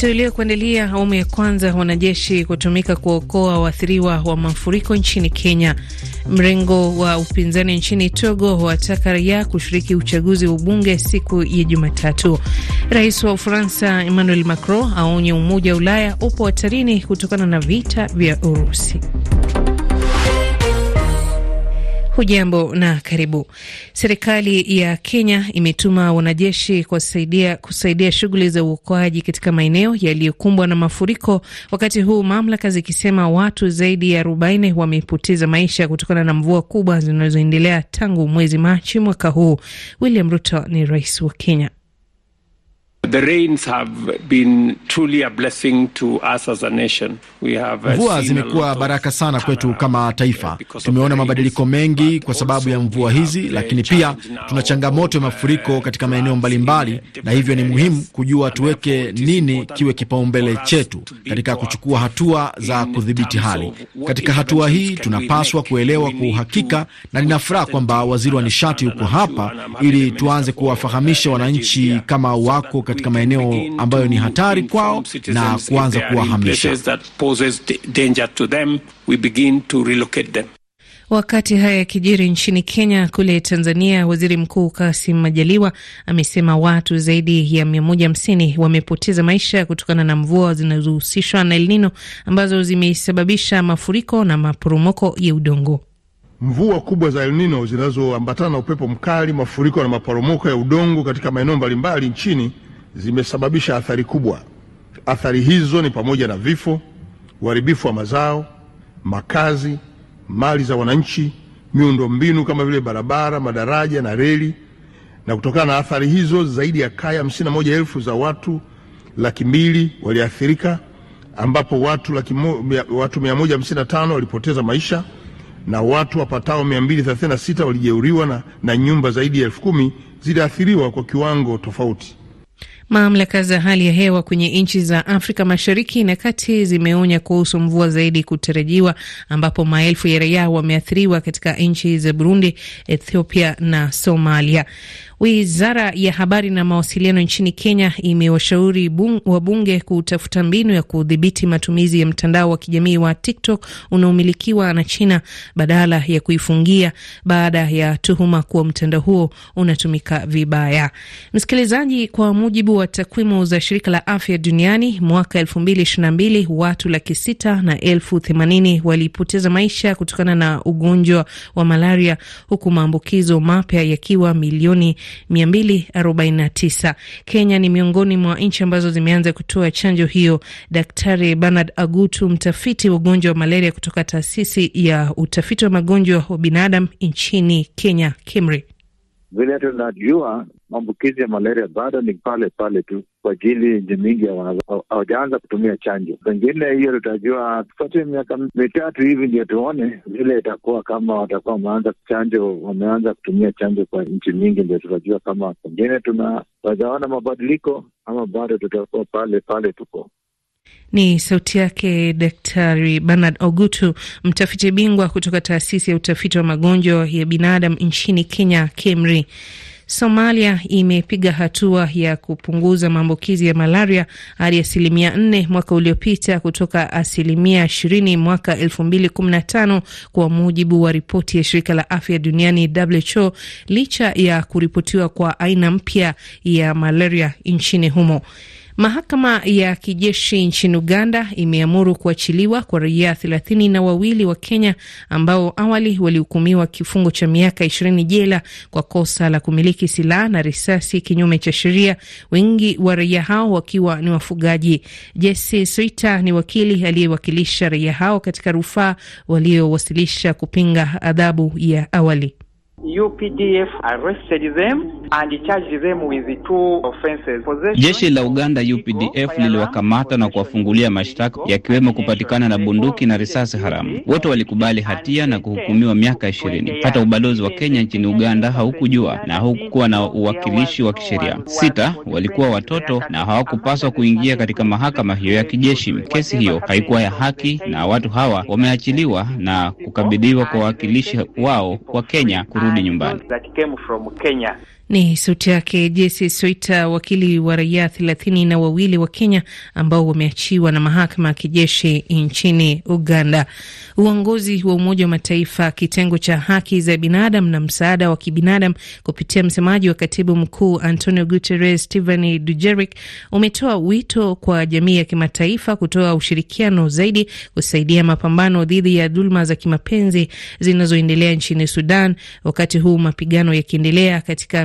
Tuliyokuandalia awamu ya kwanza: wanajeshi kutumika kuokoa waathiriwa wa mafuriko nchini Kenya. Mrengo wa upinzani nchini Togo wataka raia kushiriki uchaguzi wa ubunge siku ya Jumatatu. Rais wa Ufaransa Emmanuel Macron aonye Umoja wa Ulaya upo hatarini kutokana na vita vya Urusi. Hujambo na karibu. Serikali ya Kenya imetuma wanajeshi kusaidia, kusaidia shughuli za uokoaji katika maeneo yaliyokumbwa na mafuriko, wakati huu mamlaka zikisema watu zaidi ya 40 wamepoteza maisha kutokana na mvua kubwa zinazoendelea tangu mwezi Machi mwaka huu. William Ruto ni rais wa Kenya. Mvua zimekuwa baraka sana kwetu kama taifa. Tumeona mabadiliko mengi kwa sababu ya mvua hizi, lakini pia tuna changamoto ya uh, mafuriko katika maeneo mbalimbali, na hivyo ni muhimu kujua tuweke nini kiwe kipaumbele chetu katika kuchukua hatua za kudhibiti hali. Katika hatua hii tunapaswa kuelewa kwa uhakika, na nina furaha kwamba waziri wa nishati yuko hapa ili tuanze uh, kuwafahamisha wananchi kama wako katika katika maeneo ambayo ni hatari kwao na kuanza kuwahamisha. Wakati haya yakijiri nchini Kenya, kule Tanzania, waziri mkuu Kasim Majaliwa amesema watu zaidi ya hamsini wamepoteza maisha kutokana na mvua zinazohusishwa na El Nino ambazo zimesababisha mafuriko na maporomoko ya udongo. Mvua kubwa za El Nino zinazoambatana na upepo mkali, mafuriko na maporomoko ya udongo katika maeneo mbalimbali nchini zimesababisha athari kubwa. Athari hizo ni pamoja na vifo, uharibifu wa mazao, makazi, mali za wananchi, miundombinu kama vile barabara, madaraja na reli. Na kutokana na athari hizo, zaidi ya kaya hamsini na moja elfu za watu laki mbili waliathirika, ambapo watu laki mo, watu 155 walipoteza maisha na watu wapatao 236 walijeuriwa na, na nyumba zaidi ya elfu kumi ziliathiriwa kwa kiwango tofauti. Mamlaka za hali ya hewa kwenye nchi za Afrika Mashariki na Kati zimeonya kuhusu mvua zaidi kutarajiwa, ambapo maelfu ya raia wameathiriwa katika nchi za Burundi, Ethiopia na Somalia. Wizara ya habari na mawasiliano nchini Kenya imewashauri wabunge kutafuta mbinu ya kudhibiti matumizi ya mtandao wa kijamii wa TikTok unaomilikiwa na China badala ya kuifungia baada ya tuhuma kuwa mtandao huo unatumika vibaya. Msikilizaji, kwa mujibu wa takwimu za shirika la afya duniani mwaka 2022 watu laki sita na elfu themanini walipoteza maisha kutokana na ugonjwa wa malaria huku maambukizo mapya yakiwa milioni 249. Kenya ni miongoni mwa nchi ambazo zimeanza kutoa chanjo hiyo. Daktari Bernard Agutu, mtafiti wa ugonjwa wa malaria kutoka taasisi ya utafiti wa magonjwa wa binadamu nchini Kenya, KEMRI. Vile tunajua maambukizi ya malaria bado ni pale pale tu, kwa ajili nji mingi hawajaanza kutumia chanjo. Pengine hiyo tutajua tupatie miaka mitatu hivi ndio tuone vile itakuwa, kama watakuwa wameanza chanjo, wameanza kutumia chanjo kwa nchi mingi, ndio tutajua kama pengine tunawezaona mabadiliko ama bado tutakuwa pale pale tuko ni sauti yake Daktari Bernard Ogutu, mtafiti bingwa kutoka taasisi ya utafiti wa magonjwa ya binadamu nchini Kenya, KEMRI. Somalia imepiga hatua ya kupunguza maambukizi ya malaria hadi asilimia nne mwaka uliopita kutoka asilimia ishirini mwaka elfu mbili kumi na tano kwa mujibu wa ripoti ya shirika la afya duniani WHO, licha ya kuripotiwa kwa aina mpya ya malaria nchini humo. Mahakama ya kijeshi nchini Uganda imeamuru kuachiliwa kwa raia thelathini na wawili wa Kenya ambao awali walihukumiwa kifungo cha miaka ishirini jela kwa kosa la kumiliki silaha na risasi kinyume cha sheria, wengi wa raia hao wakiwa ni wafugaji. Jesse Swita ni wakili aliyewakilisha raia hao katika rufaa waliowasilisha kupinga adhabu ya awali. UPDF arrested them and charged them with two offenses. Jeshi la Uganda UPDF liliwakamata na kuwafungulia mashtaka yakiwemo kupatikana na bunduki na risasi haramu. Wote walikubali hatia na kuhukumiwa miaka ishirini. Hata ubalozi wa Kenya nchini Uganda haukujua na haukuwa na uwakilishi wa kisheria. Sita walikuwa watoto na hawakupaswa kuingia katika mahakama hiyo ya kijeshi. Kesi hiyo haikuwa ya haki na watu hawa wameachiliwa na kukabidhiwa kwa wawakilishi wao wa Kenya kuru kurudi nyumbani. Ni sauti yake Jesi Soita, wakili wa raia thelathini na wawili wa Kenya ambao wameachiwa na mahakama ya kijeshi nchini Uganda. Uongozi wa Umoja wa Mataifa kitengo cha haki za binadamu na msaada wa kibinadamu kupitia msemaji wa katibu mkuu Antonio Guterres Stephane Dujarric umetoa wito kwa jamii ya kimataifa kutoa ushirikiano zaidi kusaidia mapambano dhidi ya dhuluma za kimapenzi zinazoendelea nchini Sudan, wakati huu mapigano yakiendelea katika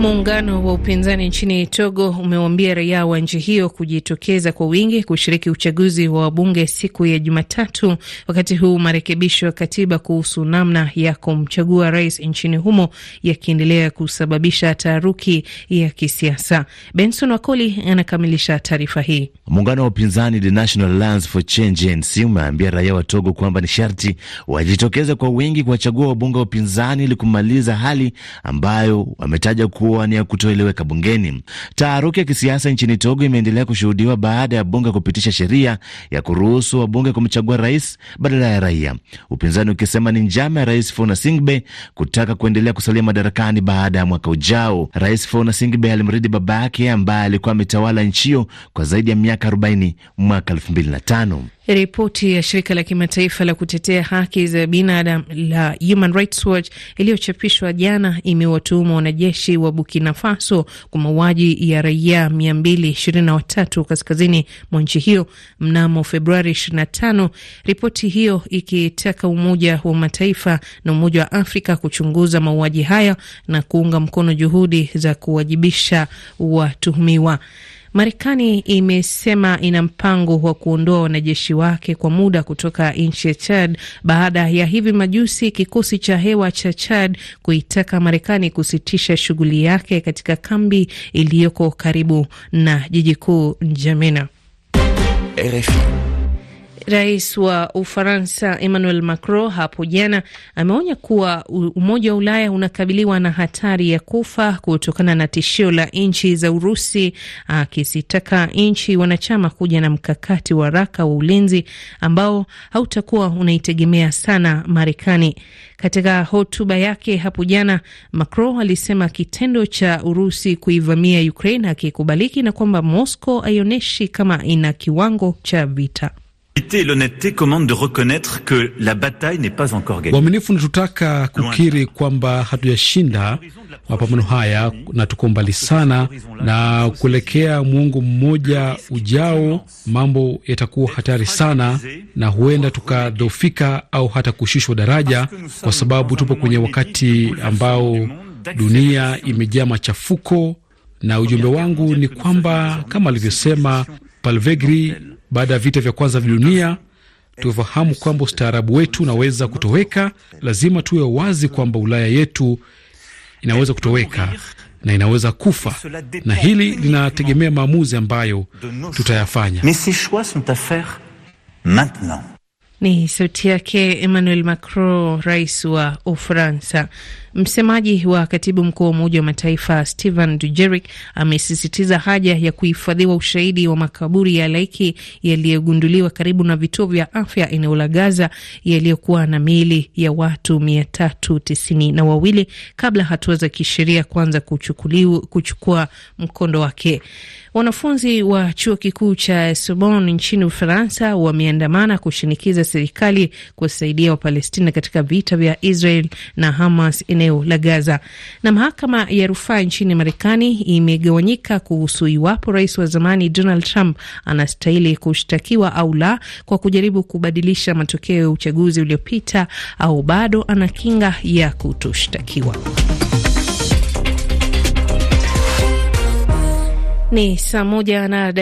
Muungano wa upinzani nchini Togo umewaambia raia wa nchi hiyo kujitokeza kwa wingi kushiriki uchaguzi wa wabunge siku ya Jumatatu, wakati huu marekebisho ya katiba kuhusu namna ya kumchagua rais nchini humo yakiendelea kusababisha taharuki ya kisiasa. Benson Wakoli anakamilisha taarifa hii. Muungano wa upinzani The National Alliance for Change umeambia raia wa Togo kwamba ni sharti wajitokeze kwa wingi kuwachagua wabunge wa upinzani ili kumaliza hali ambayo wametaja ku kuwa ni ya kutoeleweka bungeni. Taharuki ya kisiasa nchini Togo imeendelea kushuhudiwa baada ya bunge kupitisha sheria ya kuruhusu wabunge kumchagua rais badala ya raia, upinzani ukisema ni njama ya Rais Fona Singbe kutaka kuendelea kusalia madarakani baada ya mwaka ujao. Rais Fona Singbe alimrithi baba yake ambaye alikuwa ametawala nchi hiyo kwa zaidi ya miaka 40 mwaka 2005. Ripoti ya shirika la kimataifa la kutetea haki za binadamu la Human Rights Watch iliyochapishwa jana imewatuhumu wanajeshi wa Burkina Faso kwa mauaji ya raia 223 kaskazini mwa nchi hiyo mnamo Februari 25, ripoti hiyo ikitaka Umoja wa Mataifa na Umoja wa Afrika kuchunguza mauaji hayo na kuunga mkono juhudi za kuwajibisha watuhumiwa. Marekani imesema ina mpango wa kuondoa wanajeshi wake kwa muda kutoka nchi ya Chad baada ya hivi majusi kikosi cha hewa cha Chad kuitaka Marekani kusitisha shughuli yake katika kambi iliyoko karibu na jiji kuu Njamena. RFI. Rais wa Ufaransa Emmanuel Macron hapo jana ameonya kuwa Umoja wa Ulaya unakabiliwa na hatari ya kufa kutokana na tishio la nchi za Urusi, akizitaka nchi wanachama kuja na mkakati wa haraka wa ulinzi ambao hautakuwa unaitegemea sana Marekani. Katika hotuba yake hapo jana, Macron alisema kitendo cha Urusi kuivamia Ukraine hakikubaliki na kwamba Moscow haionyeshi kama ina kiwango cha vita. L'honnêteté commande de reconnaître que la bataille n'est pas encore gagnée. Uaminifu unatutaka kukiri kwamba hatujashinda mapambano haya na tuko mbali sana, na kuelekea muongo mmoja ujao mambo yatakuwa hatari sana, na huenda tukadhoofika au hata kushushwa daraja, kwa sababu tupo kwenye wakati ambao dunia imejaa machafuko, na ujumbe wangu ni kwamba kama alivyosema Palvegri baada ya vita vya kwanza vya dunia tufahamu kwamba ustaarabu wetu unaweza kutoweka. Lazima tuwe wazi kwamba Ulaya yetu inaweza kutoweka na inaweza kufa, na hili linategemea maamuzi ambayo tutayafanya. Ni sauti yake Emmanuel Macron, rais wa Ufaransa. Msemaji wa katibu mkuu wa Umoja wa Mataifa Stephen Dujerik amesisitiza haja ya kuhifadhiwa ushahidi wa makaburi ya laiki yaliyogunduliwa karibu na vituo vya afya eneo la Gaza yaliyokuwa na miili ya watu mia tatu tisini na wawili kabla hatua za kisheria kuanza kuchukua mkondo wake. Wanafunzi wa chuo kikuu cha Sorbonne nchini Ufaransa wameandamana kushinikiza serikali kuwasaidia Wapalestina katika vita vya Israel na Hamas eneo la Gaza. Na mahakama ya rufaa nchini Marekani imegawanyika kuhusu iwapo rais wa zamani Donald Trump anastahili kushtakiwa au la kwa kujaribu kubadilisha matokeo ya uchaguzi uliopita au bado ana kinga ya kutoshtakiwa. Ni saa moja na